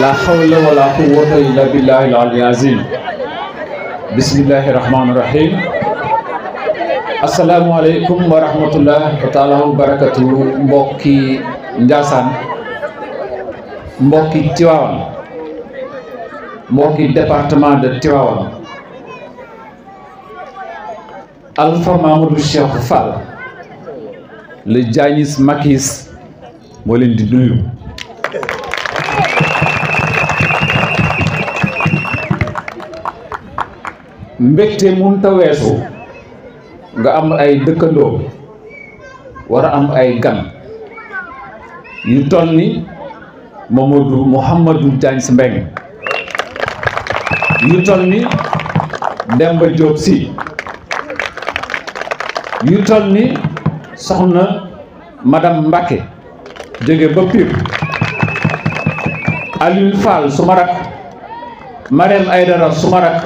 la hawla wala quwwata illa billahi al-ali azim bismillahi rahmani rahim asalaamualeykum wa rahmatullah wa taala wa barakatu mbokki Njaasaan mbokki Tiwaawan mbokki département de Tiwaawan Alpha Mamadou Cheikh Fall le Dianis Makis moo leen di nuyu mbégte mun weesu nga am ay dëkkandoo war a am ay gan yu toll ni Mamadou Mouhamadou Diagne Sy Mbengue yu toll ni Demba Diop Sy yu toll ni soxna madame Mbacké jóge ba Pire Alioune Fall suma rak Marème Aydara suma ma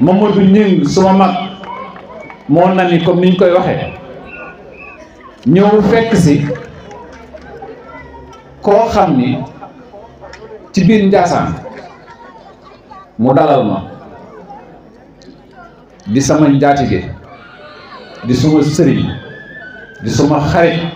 Mamadou Ñing suma mag moo nani comme niñ koy waxe ñëw fekk si koo xam ni ci biir Njaasaan mu dalal ma di sama njaatige di suma sëriñ di suma xarit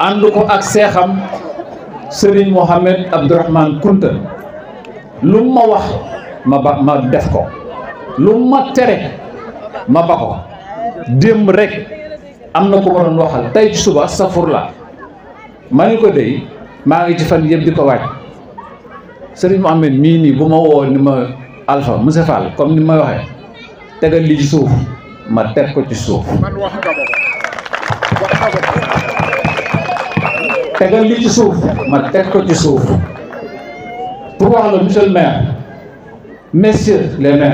ànd ko ak seexam Serigne Mohamed Abdourahmane Kunta lu ma wax ma ba ma def ko lu ma tere ma ba ko démb rek am na ko ma doon waxal tey ci suba safur la ma ni ko dey maa ngi ci fan yëpp di ko waaj Serigne Mohamed mii nii bu ma woo ni ma Alpha Monsieur Fall comme ni ma waxe tegal lii ci suuf ma teg ko ci suuf. tegal li ci suuf ma teg ko ci pour wax la monsieur le maire messieurs les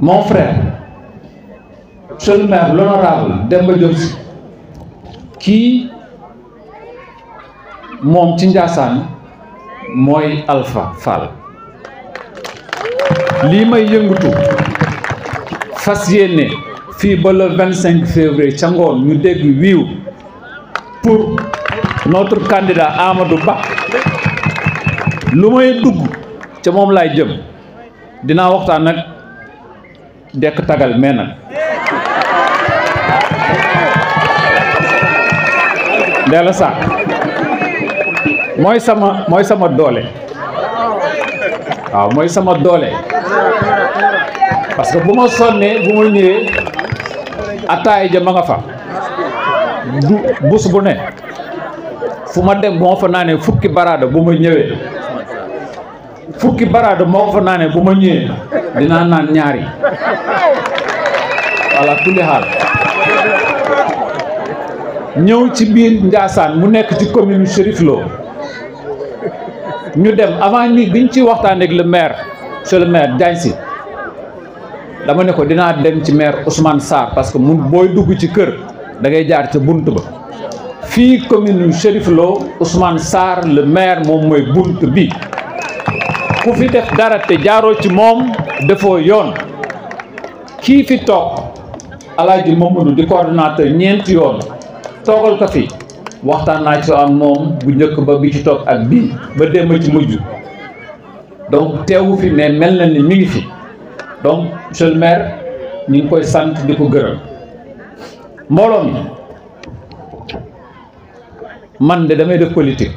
mon frère monsieur le maire l'honorable Demba Diop Sy kii moom ci njaasaan mooy alfa Fall lii may yëngutu fas yéene fii ba la vingt cinq février ca ngoon ñu dégg wiiw pour notre candidat Amadou Ba lu may dugg ca moom laay jëm dinaa waxtaan nag dekk tagal mais nag Ndella Sarr mooy sama mooy sama doole waaw mooy sama doole parce bu ma sonnee bu ma ñëwee ataay ja ma nga fa du bus bu ne fu ma dem moo fa naanee fukki baraada bu ma ñëwee fukki baraada moo fa naanee bu ma ñëwee dinaa naan ñaari voilà kulli xaal ñëw ci biir njaasaan mu nekk ci commune Chérif ñu dem avant ñi biñ ci waxtaan ak le maire monsieur le maire dama ne ko dinaa dem ci maire Ousmane saar parce que mun booy dugg ci kër da ngay jaar ca bunt ba fii commune Chérif Lo Ousmane la le moom mooy bunt bi ku fi def dara te jaaroo ci moom defoo yoon kii fi toog Alaaji Mamadou di coordonnateur ñeenti yoon toogal ko fi waxtaan naa ci am moom bu njëkk ba bi ci toog ak bii ba démb ci mujj donc teewu fi mais mel na ni mi ngi fi donc monsieur le ñu ngi koy sant di ko gërëm mbooloo mi man de damay def politique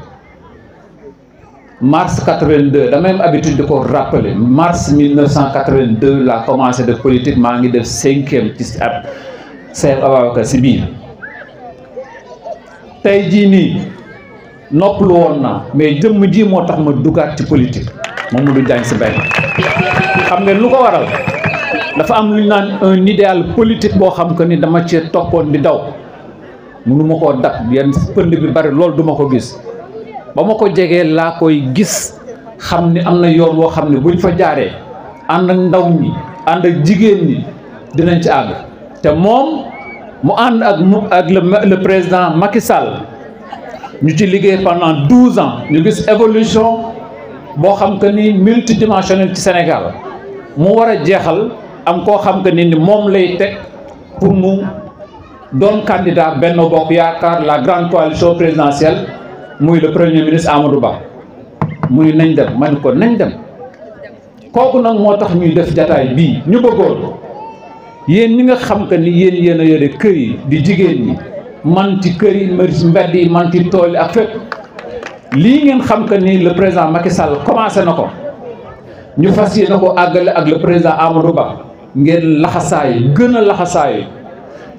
mars 82 damay am habitude di ko rappeler mars 1982 laa commencé def politique maa ngi def cinquième ci ab Cheikh Ababacar Sy biir tey jii nii noppalu woon naa mais jëmm jii moo tax ma dugaat ci politique. Mamadou Diagne Sy Mbaye xam ngeen lu ko waral dafa am lu ñu naan un idéal politique boo xam que ni dama cee toppoon di daw mënuma koo dab yenn pënd bi bari loolu duma ko gis ba ma ko jegee laa koy gis xam ni am na yoon woo xam ne buñ fa jaaree ànd ak ndaw ñi ànd ak jigéen ñi dinañ ci àgg te moom mu ànd ak mu ak le président Macky Sall ñu ci liggéey pendant douze ñu gis évolution boo xam que ni multidimensionnel ci Sénégal mu war a jeexal am koo xam que ni ni moom lay teg pour mu doon candidat benn Bokk Yaakaar la grande coalition présidentielle muy le premier ministre Amadou Ba mu nañ dem ma ni ko nañ dem kooku nag moo tax ñuy def jataay bii ñu bëggoon yéen ñi nga xam que ni yéen yéen a yore kër yi di jigéen ñi man ci kër yi mbedd yi man ci tool yi ak fépp lii ngeen xam que nii le président Macky Sall commencé na ko ñu fas yéene ko àggale ak le président Amadou Ba ngeen laxasaayu gën a laxasaayu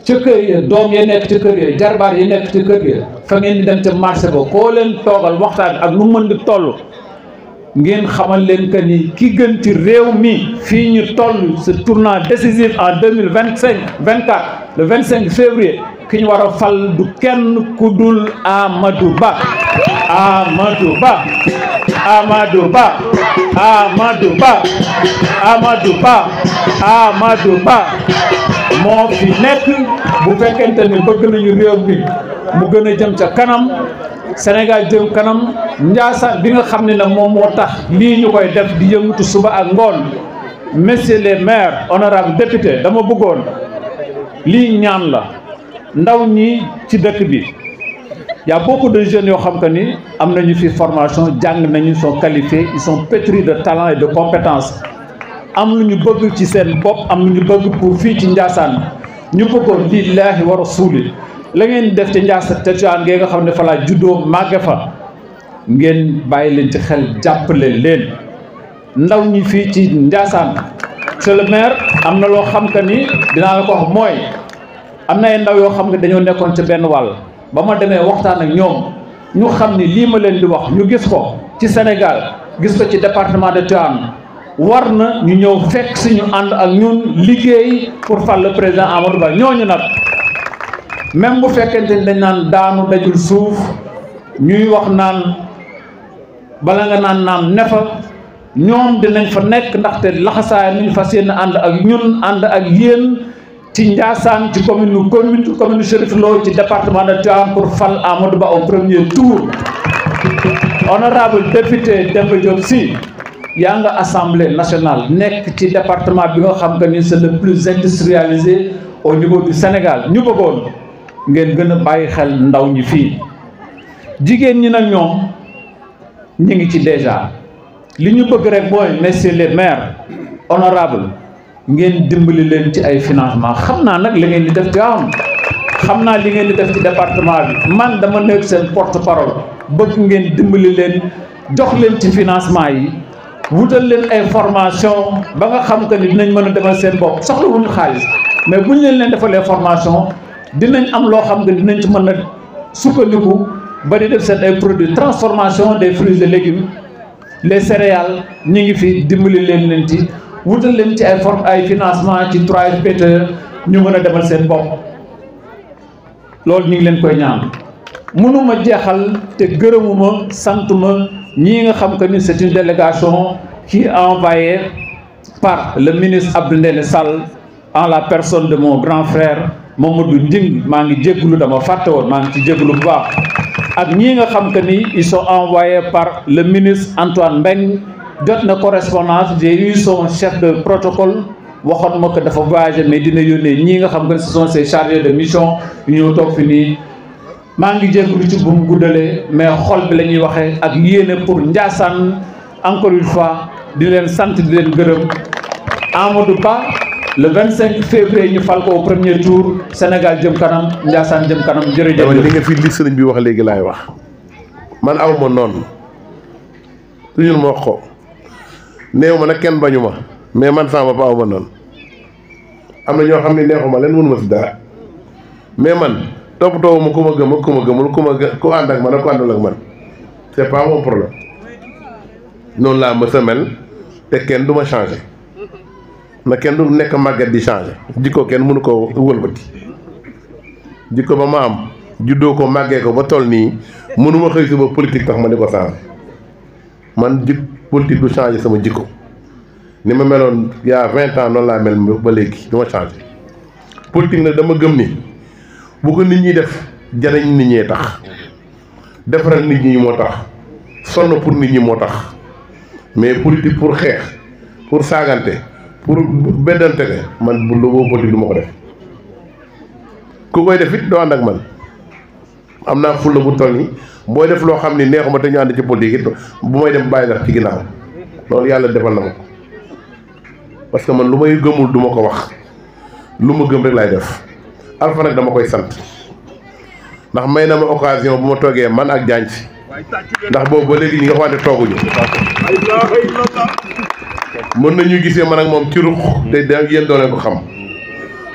ca kër ya doom ya nekk ci kër ya jarbaar yi nekk ci kër ya fa ngeen di dem ca marché ko koo leen toogal waxtaan ak lu mën di toll ngeen xamal leen que ni ki gën ci réew mi fii ñu toll ce tournant décisif en deux mille vingt cinq vingt quatre le vingt cinq février. ki ñu war a fal du kenn ku dul Amadou Ba Amadou Ba Amadou Ba Amadou Ba moo fi nekk bu fekkente ni bëgg nañu réew bi mu gën a jëm ca kanam senegal jëm kanam Ndiassane bi nga xam ni nag moom moo tax lii ñu koy def di yëngatu suba ak ngoon messieurs les maires honorables députés dama bëggoon lii ñaan la ndaw ñi ci dëkk bi yaa a beaucoup de jeunes yoo xam que ni am nañu fi formation jàng nañu soo qualifiés ils sont pétris de talent et de compétences am lu ñu bëgg ci seen bopp am lu ñu bëgg pour fii ci Ndiassane ñu bëggoon lillaahi wa rasuuli la ngeen def ci Ndiassane te Tivaouane ngeen nga xam ne fa laa juddoo fa ngeen bàyyi leen ci xel jàppale leen ndaw ñi fii ci njaasaan monsieur le maire am na loo xam que ni dinaa la ko wax mooy. am na ay ndaw yoo xam ne dañoo nekkoon ci benn wàll ba ma demee waxtaan ak ñoom ñu xam ni lii ma leen di wax ñu gis ko ci Sénégal gis ko ci département de Tivaouane war na ñu ñëw fekk si ñu ànd ak ñun liggéey pour fal le président Amadou Ba ñooñu nag même bu fekkente ni dañ naan daanu dajul suuf ñuy wax naan bala nga naan naan ne fa ñoom dinañ fa nekk ndaxte laxasaay nañ fa yéene ànd ak ñun ànd ak yéen. ci Ndiassane ci commune nu commune commune Chérif Lo ci département de Tivaouane pour fal Amadou Ba au premier tour honorable député Demba si Sy yaa nga assemblée nationale nekk ci département bi nga xam que ni c'est le plus industrialisé au niveau du Sénégal ñu bëggoon ngeen gën a bàyyi xel ndaw ñi fii jigéen ñi nag ñoom ñi ngi ci déjà li ñu bëgg rek mooy messieurs les maires honorables ngeen dimbali leen ci ay financement xam naa nag li ngeen di def Tivaouane xam naa li ngeen di def ci département bi man dama nekk seen porte parole bëgg ngeen dimbali leen jox leen ci financement yi wutal leen ay formation ba nga xam que ni dinañ mën a demal seen bopp soxla wuñu xaalis mais buñ leen leen defalee formation dinañ am loo xam ne dinañ ci mën a sukkandiku ba di def seen ay produits transformation des fruits et légumes les céréales ñu ngi fi dimbali leen leen ci wutal leen ci ay ay financement ci 3FPT ñu mën a demal seen bopp loolu ñu ngi leen koy ñaan mënuma jeexal te gërëmuma santuma ñii nga xam que ni c'est une délégation qui est par le ministre Abdou Ndéné Sall en la personne de mon grand frère Mamadou Ndim maa ngi lu dama fàtte woon maa ngi ci jégalu bu baax ak ñii nga xam que ni ils sont envoyés par le ministre Antoine Mbeng jot na correspondance j'ai eu son chef de protocole waxoon ma ko dafa voyagé mais dina yónnee ñii nga xam ne ce sont ses chargés de mission yu ñëw toog fi nii maa ngi jégalu ci bu mu guddalee mais xol bi la ñuy waxee ak yéene pour Ndiassane encore une fois di leen sant di leen gërëm Amadou Ba le 25 février ñu fal ko au premier tour Sénégal jëm kanam Ndiassane jëm kanam jërëjëf. li nga fi li sëriñ bi wax léegi laay wax man aw ma néew ma nag kenn bañu ma mais man sama papa aw ma noonu am na ñoo xam ne neexuma leen mënu ma si dara mais man toppatoo ma ku ma gëm ak ku ma gëmul ku ma gë ku ànd ak man ak ku àndul ak man c'est pas mon noonu laa ma semel te kenn du ma changé na kenn du nekk màgget di changé jikko kenn mënu ko wëlbati jikko ba ma am juddoo ko màggee ko ba tool nii mënuma xëy suba politique tax ma di ko changé man jik politique du changé sama jikko ni ma meloon yaa vingt ans noonu laa mel ba léegi du ma changé politique na dama gëm ni bu ko nit ñi def jariñ nit ñee tax defaral nit ñi moo tax na pour nit ñi moo tax mais politique pour xeex pour saagante pour beddante man bu lu boo politique du ma ko def ku koy def it doo ànd ak man am naa fulla bu toll nii booy def loo xam ni neexuma te ñu ànd ci politique it bu may dem bàyyi ndax ci ginnaaw loolu yàlla defal na ma ko parce que man lu may gëmul duma ko wax lu ma gëm rek laay def Alpha dama koy sant ndax may na ma occasion bu ma toogee man ak Diagne Sy ndax boobu ba léegi ñi nga xamante tooguñu mën nañu gisee man ak moom ci ruux te da yéen doo leen ko xam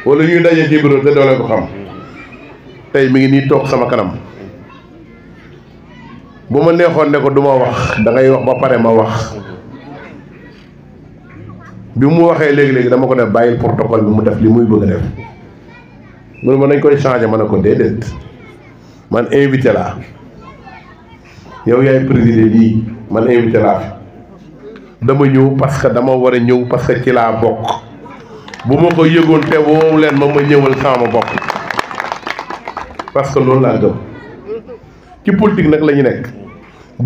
wala ñuy dajee ci bureau te doo ko xam tey mi ngi nii toog sama kanam bu ma neexoon ne ko du ma wax da wax ba pare ma wax bi mu waxee léegi-léegi dama ko def bàyyil protocole bi mu def li muy bëgg a def mu ne nañ koy changé ma ne ko déedéet man invité laa yow yaay président lii man invité dama ñëw parce que dama war a ñëw parce que ci laa bokk bu ma ko yëgoon te woowu leen ma ma ñëwal sama bokk parce que loolu laa gëm ci politique nag lañu ñu nekk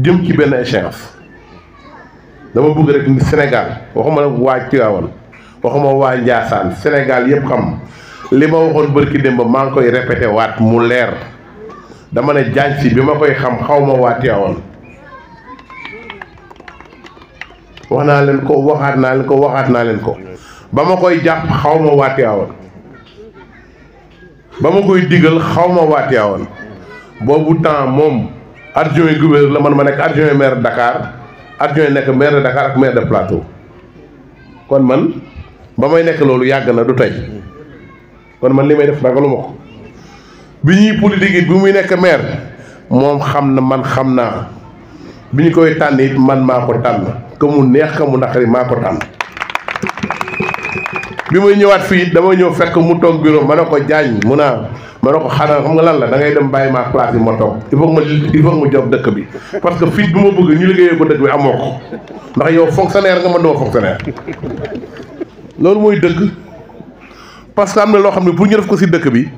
jëm ci benn échéance dama bëgg rek ni Sénégal waxuma nag waa waxuma waa Ndiassane yëpp xam li ma ngi koy répété waat mu leer dama ne bi ma koy xam xaw ma waa Tivaouane wax naa leen ko waxaat naa leen ko waxaat naa leen ko ba ma koy jàpp xaw ma waa Tivaouane ba mu koy digal xaw ma waat yaa woon boobu temps moom adjoint gouverneur la man ma nekk adjoint maire de Dakar adjoint nekk maire de Dakar ak maire de Plateau kon man ba may nekk loolu yàgg na du tey kon man li may def ragaluma ko bi ñuy politique it bi muy nekk maire moom xam na man xam naa bi ñu koy tànn man maa ko tànn ka mu neex ka mu naqari maa ko tànn. bi may ñëwaat fii dama ñëw fekk mu toog bureau ma ne ko jaañ mu naa ma ne ko xanaa xam nga lan la dangay dem bàyyi maa place yi ma toog il faut ma il ma jox dëkk bi parce que fit bi ma bëgg ñu liggéeyee ko dëkk bi amoo ko ndax yow fonctionnaire nga man duma fonctionnaire loolu mooy dëgg parce que am na loo xam ne pour ñu def ko si dëkk bi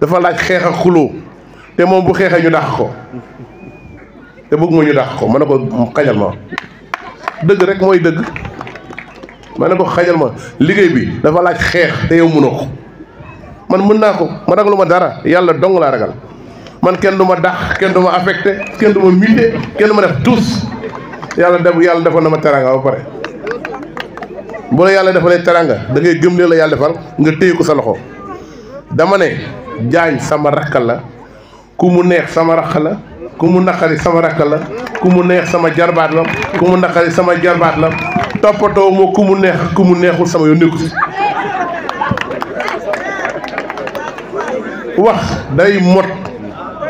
dafa laaj xeex ak xuloo te moom bu xeexee ñu dàq ko te bëgg ma ñu dàq ko ma ne ko kañal ma dëgg rek mooy dëgg ma ne ko xajal ma liggéey bi dafa laaj xeex te yow mënoo ko man mën naa ko ma ragalu ma dara yàlla dong laa ragal man kenn du ma dax kenn du ma affecté kenn du ma muté kenn du ma def tous yàlla def yàlla defoon na ma teranga ba pare bu la yàlla defalee teranga da ngay gëm lee la yàlla defal nga téye ko sa loxo dama ne jaañ sama rakk la ku mu neex sama rakk la ku mu naqari sama rakk la ku mu neex sama jarbaat la ku mu naqari sama jarbaat la toppatoo moo ku mu neex ku mu neexul sama yoon si wax day mot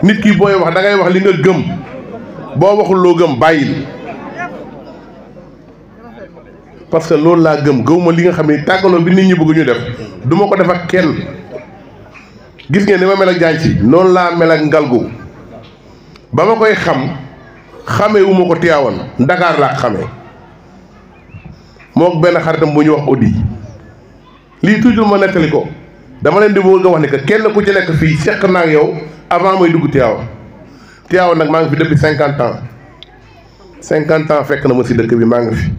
nit ki booy wax dangay wax li nga gëm boo waxul loo gëm bàyyil parce que loolu laa gëm gëwuma li nga xam ne tàggaloo bi nit ñi bëgg ñu def duma ko def ak kenn gis ngeen ni ma mel ak jaan ci loolu laa mel ak ngalgu ba ma koy xam xamee wu ma ko tiyaawoon Ndakaar laa xamee moom benn xaritam bu ñu wax audi lii toujours ma nettali ko dama leen di bëgg a wax ni que kenn ku ci nekk fii seq naa yow avant mooy dugg Tiwaawan Tiwaawan nag maa ngi fi depuis cinquante ans cinquante ans fekk na ma si dëkk bi maa ngi fi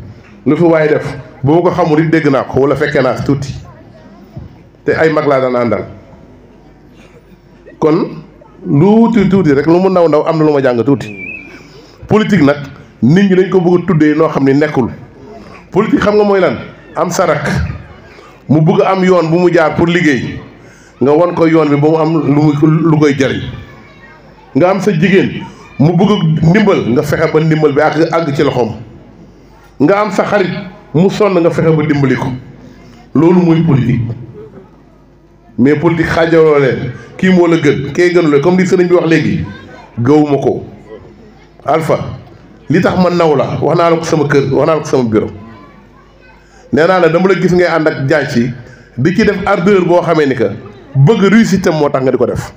lu fi waaye def boo ko xamul it dégg naa ko wala fekkee naa si tuuti te ay mag laa daan àndal kon lu tuuti tuuti rek lu mu ndaw ndaw am na lu ma jàng tuuti politique nag nit ñi dañ ko bëgg tuddee noo xam ni nekkul. politique xam nga mooy lan am sa sarak mu bugg am yoon bu mu jaar pour liggéey nga wan ko yoon bi ba mu am lu lu koy jariñ nga am sa jigéen mu bugg ndimbal nga fexe ba ndimbal bi àgg àgg ci loxoom nga am sa xarit mu sonn nga fexe ba dimbali ko loolu mooy politique mais politique xaajaloo leen kii moo la gën kee gënu la comme li sëriñ bi wax léegi gëwuma ko alpha li tax ma naw la wax naa la ko sama kër wax naa la ko sama bureau nee naa la dama la gis ngay ànd ak jànc yi di ci def ardeur boo xamee ni que bëgg réussite moo tax nga di ko def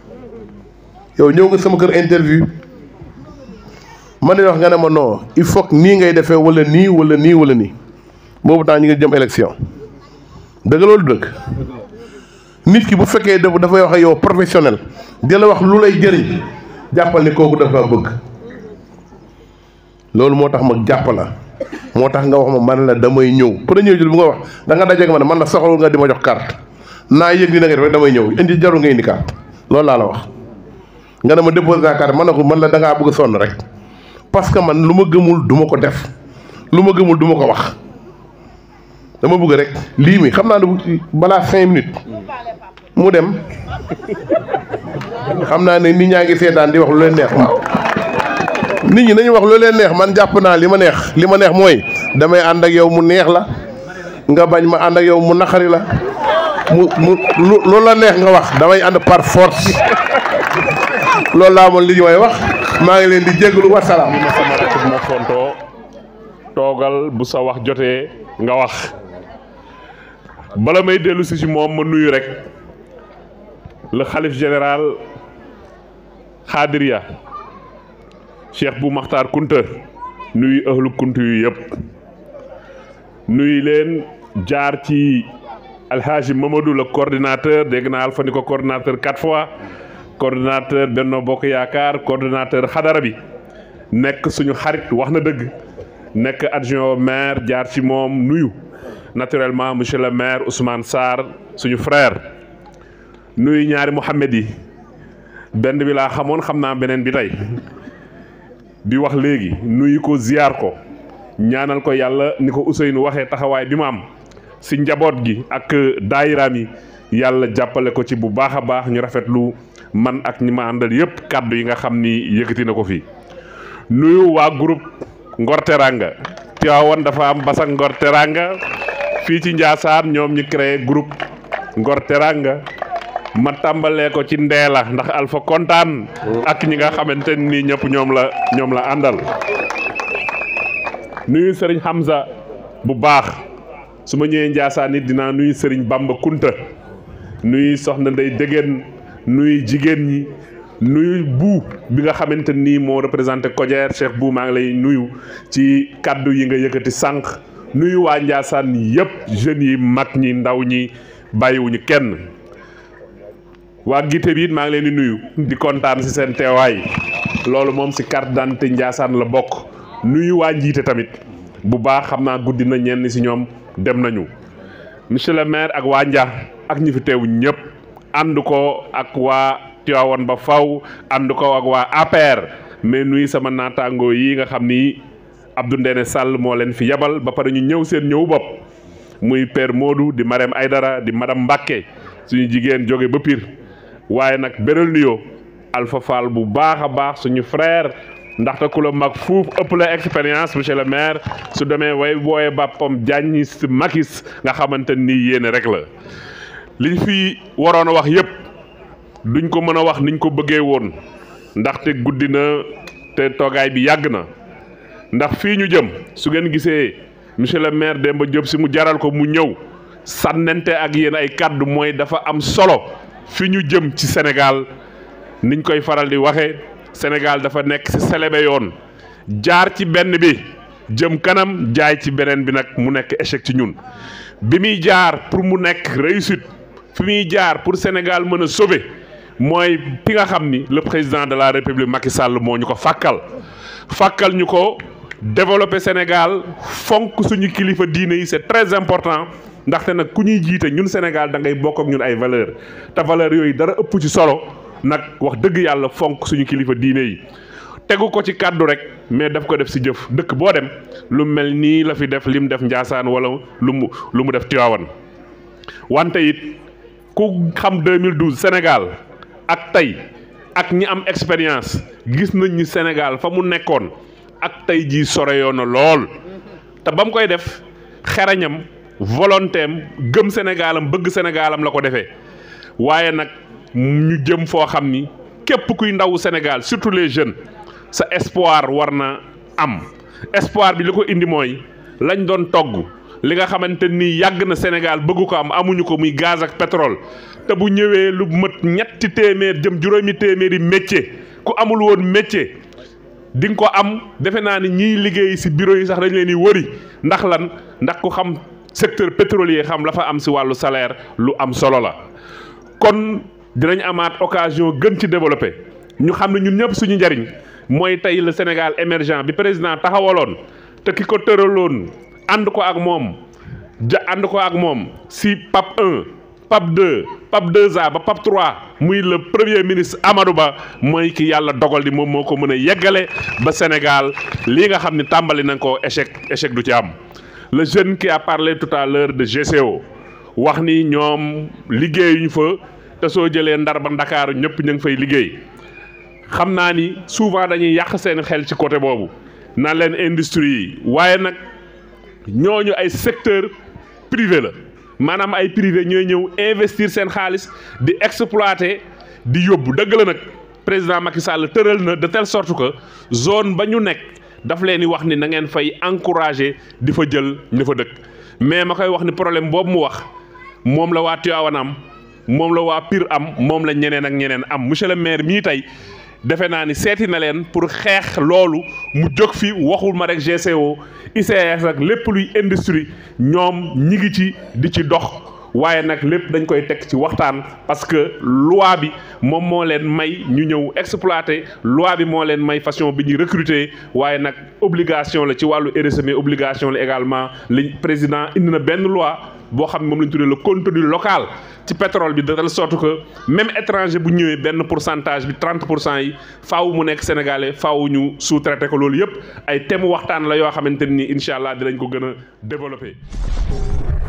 yow ñëw nga sama kër interview man ne wax nga ne ma non il faut nii ngay defee wala nii wala nii wala nii boobu temps ñu ngi jëm élection dëgg loolu dëgg nit ki bu fekkee dafay wax yow professionnel di la wax lu lay jëriñ jàppal ni kooku dafa bëgg. loolu moo tax ma jàpp la moo tax nga wax ma man la damay ñëw premier jour bu nga wax danga nga dajeeg ma ne man la soxlawul nga di ma jox carte naa yëg ni na nga def rek damay ñëw indi jarul nga indi carte loolu laa la wax. nga ne ma déposé naa carte man na ko man la da ngaa sonn rek parce que man lu ma gëmul du ma ko def lu ma gëmul duma ko wax dama bugg rek lii mi xam naa ne balaa cinq minutes mu dem xam naa ne nit ñaa ngi seetaan di wax lu leen neex waaw. nit ñi nañu wax lu leen neex man jàpp naa li ma neex li ma neex mooy damay ànd ak yow mu neex la nga bañ ma ànd ak yow mu naqari la mu mu loolu la neex nga wax damay ànd par force loolu laa moon li ñu may wax maa ngi leen di jégalu wasalaam. li ma sama rakk fontoo toogal bu sa wax jotee nga wax bala may dellu si ci moom ma nuyu rek le xalif général Xaadiriya cheikh bu maxtar kunta nuyu ëxlu kunta yu yëpp nuyu leen jaar ci alhaaji mamadou le dégg naa Alpha ni ko fois coordinateur benn Bokk Yaakaar coordinateur xadara bi nekk suñu xarit wax na dëgg nekk adjoint au maire jaar ci moom nuyu naturellement monsieur le maire Ousmane saar suñu frère nuyu ñaari Mouhamed yi benn bi laa xamoon xam naa beneen bi tey di wax léegi nuyu ko ziyaar ko ñaanal ko yàlla ni ko Ousseynou waxee taxawaay bi mu am si njaboot gi ak dayraan yi yàlla jàppale ko ci bu baax a baax ñu rafetlu man ak ñi ma àndal yëpp kàddu yi nga xam ni yëkkati na ko fi nuyu waa groupe Ngor Teranga Tiwaawan dafa am basak Ngor Teranga fii ci Njaasaan ñoom ñu créé groupe ngorteraanga ma tàmbalee ko ci ndeela ndax Alpha kontaan ak ñi nga xamante ni ñëpp ñoom la ñoom la àndal nuyu sëriñ Hamza bu baax su ma ñëwee Njaasaan it dinaa nuyu sëriñ Bamba Kunta nuyu soxna Ndey Dégéen nuyu jigéen ñi nuyu bu bi nga xamante nii moo représenté Kodière Cheikh bu maa ngi lay nuyu ci kàddu yi nga yëkkati sànq nuyu waa Njaasaan yëpp jeunes yi mag ñi ndaw ñi bàyyiwuñu kenn waa gite it maa ngi leen di nuyu di kontaan si seen teewaay loolu moom si carte d'identité Ndiassane la bokk nuyu waa njiite tamit bu baax xam naa guddi na ñenn si ñoom dem nañu monsieur le maire ak waa Ndia ak ñu fi teew ñëpp ànd ko ak waa Tivaouane ba faw ànd ko ak waa APR mais nuyu sama naataangoo yi nga xam ni Abdou Ndene Sall moo leen fi yebal ba pare ñu ñëw seen ñëw bopp muy permoodu di di ay dara di madame Mbacke suñu jigéen jóge ba piir waaye nag beral nuyoo Alpha bu baax a baax suñu frère ndaxte ku la mag fuuf ëpp la expérience monsieur le maire su demee way booye bàppam jàññis makis nga xamante nii yéene rek la liñ fi waroon a wax yëpp duñ ko mën a wax niñ ko bëggee woon ndaxte guddi na te toogaay bi yàgg na ndax fii ñu jëm su ngeen gisee monsieur le maire Demba jëm si mu jaral ko mu ñëw sànnante ak yéen ay kàddu mooy dafa am solo fi ñu jëm ci Sénégal niñ koy faral di waxe Sénégal dafa nekk ci selebe yoon jaar ci benn bi jëm kanam jaay ci beneen bi nag mu nekk échec ci ñun bi muy jaar pour mu nekk réussite fi muy jaar pour Sénégal mën a mooy fi nga xam ni le président de la République Macky sàll moo ñu ko fàkkal fàkkal ñu ko développer Sénégal fonk suñu kilifa diine yi c'est très important ndaxte nag ku ñuy jiite ñun Sénégal da ngay bokk ak ñun ay valeur te valeur yooyu dara ëpp ci solo nag wax dëgg yàlla fonk suñu kilifa diine yi tegu ko ci kàddu rek mais daf ko def si jëf dëkk boo dem lu mel nii la fi def lim def Njaasaan wala lu mu lu mu def Tiwaawan wante it ku xam 2012 Sénégal ak tey ak ñi am expérience gis nañ ni Sénégal fa mu nekkoon ak tey jii sore yoon lool te ba mu koy def xereñam volonté am gëm Sénégalam bëgg Sénégalam la ko defee waaye nag ñu jëm foo xam ni képp kuy ndawu Sénégal surtout les jeunes sa espoir war na am espoir bi li ko indi mooy lañ doon togg li nga xamante ni yàgg na Sénégal bëgg ko am amuñu ko muy gaz ak pétrole te bu ñëwee lu mët ñetti téeméer jëm juróomi téeméeri métier ku amul woon métier di nga ko am defe naa ni ñiy liggéey ci bureau yi sax dañ leen di wëri ndax lan ndax ku xam secteur pétrolier xam la fa am si wàllu salaire lu am solo la kon dinañ amaat occasion gën ci développé ñu xam ne ñun ñëpp suñu njariñ mooy tey le Sénégal émergent bi président taxawaloon te ki ko tëraloon ànd ko ak moom ja ànd ko ak moom si PAP 1 PAP 2 PAP 2 ba PAP 3 muy le premier ministre Amadou Ba mooy ki yàlla dogal di moom moo ko mën a yeggale ba Sénégal lii nga xam ni tàmbali nañ ko échec échec du ci am. le jeune qui a parlé tout à l'heure de GCO wax ni ñoom liggéeyuñu fa te soo jëlee ndar ba ndakaaru ñëpp ñu ngi fay liggéey xam naa ni souvent dañuy yàq seen xel ci côté boobu na leen industrie yi waaye nag ñooñu ay secteur privé la maanaam ay privé ñooy ñëw investir seen xaalis di exploiter di yóbbu dëgg la nag président Macky Sall tëral na de telle sorte que zone ba ñu nekk dafa leen di wax ni na ngeen fay encouragé di fa jël ñu fa dëkk mais ma koy wax ni problème boobu mu wax moom la waa Tivaouane am moom la waa Pire am moom la ñeneen ak ñeneen am monsieur le maire mii tey defe naa ni seeti na leen pour xeex loolu mu jóg fi waxul ma rek GCO ICS ak lépp luy industrie ñoom ñi ngi ci di ci dox waaye nag lépp dañ koy teg ci waxtaan parce que loi bi moom moo leen may ñu ñëw exploiter loi bi moo leen may façon bi ñuy recruter waaye nag obligation la ci wàllu RSE mais obligation la également li président indi na benn loi boo xam moom la ñu la le contenu local ci pétrole bi de telle sorte que même étranger bu ñëwee benn pourcentage bi 30 pour cent yi faw mu nekk sénégalais faw ñu sous ko loolu yëpp ay temu waxtaan la yoo xamante ni incha allah dinañ ko gën a développé.